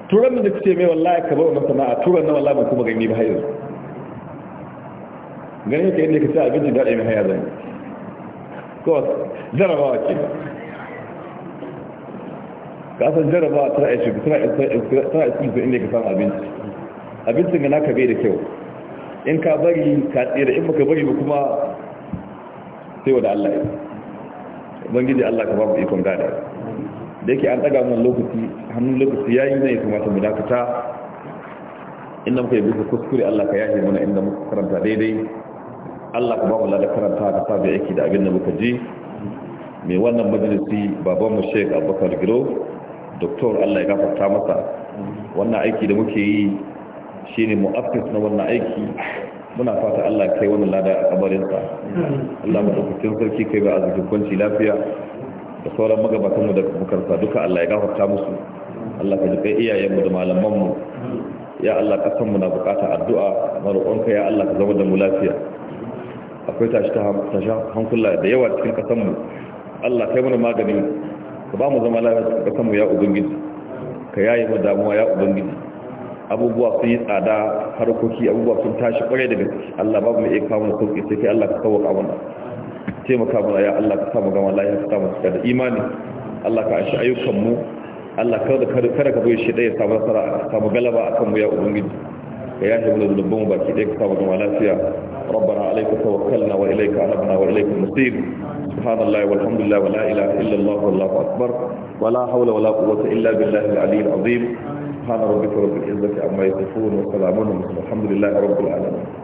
turan da kuce mai wallahi ka bawa masana a turan na wallahi ban kuma gani ba yanzu gani ka inda ka ci abinci da ɗaya haya zai ko jarabawa ke ka san jarabawa tana ya shiga tana ya shiga inda ka samu abinci abincin ga ka bai da kyau in ka bari ka tsira in baka bari ba kuma sai wa da Allah ya ubangiji Allah ka babu ikon gane da yake an daga mun lokaci hannun lokaci yayi ne kamata mu dakata inda muka yi bisa kuskure Allah ka yahi mana inda muka karanta daidai Allah ka babu lada karanta da sabbi aiki da abin da muka ji mai wannan majalisi baban mu Sheikh Abubakar Giro doktor Allah ya gafarta masa wannan aiki da muke yi shine mu'assis na wannan aiki muna fata Allah kai wani lada a kabarinsa Allah mu madaukakin sarki kai ga azuki kwanci lafiya da sauran magabatanmu da bukarsa duka Allah ya gafarta musu Allah ka iyayen iyayenmu da malamanmu ya Allah kasanmu na bukata addu'a maroƙonka ya Allah ka zama da mu lafiya akwai tashi ta hankula da yawa cikin mu Allah kai mana magani ka ba mu zama lafiya cikin mu ya ubangiji ka yayi mu damuwa ya ubangiji abubuwa sun yi tsada harkoki abubuwa sun tashi kwarai daga Allah babu mai iya kawo mu sauki sai Allah ka kawo ka mana taimaka mu ya Allah ka samu gama lafiya ka samu da imani Allah ka ashi ayyukan mu Allah kada kada ka bai shi da ya samu nasara ka samu galaba akan mu ya ubangiji ka yafe mana zunubin baki ɗaya ka sa zama lafiya rabbana alaika tawakkalna wa ilaika anabna wa ilaika musir subhanallahi walhamdulillah wa la ilaha illa wallahu akbar wa hawla wa quwwata illa billahi al-aliyyil azim subhana rabbika rabbil izzati amma yasifun wa salamun alhamdulillahi rabbil alamin